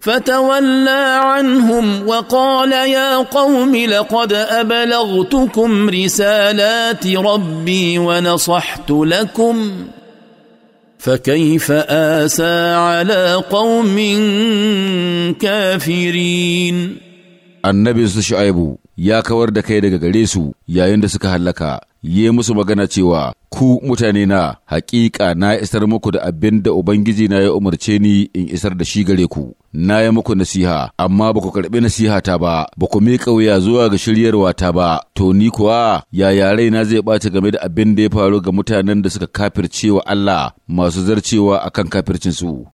فتولى عنهم وقال يا قوم لقد ابلغتكم رسالات ربي ونصحت لكم فكيف اسى على قوم كافرين النبي شعيب يا كورد كيدك kai يا يندسك su yi musu magana cewa ku mutane na Haƙiƙa na isar muku da abin da Ubangiji na ya umarce ni in isar da shi gare ku. Na yi muku nasiha, amma ba ku karɓi ta ba, ba ku miƙa wuya zuwa ga shiryarwa ta ba, to ni kuwa yaya raina zai ɓaci game da abin da ya faru ga mutanen da suka kafircewa Allah masu zarcewa akan kafircinsu.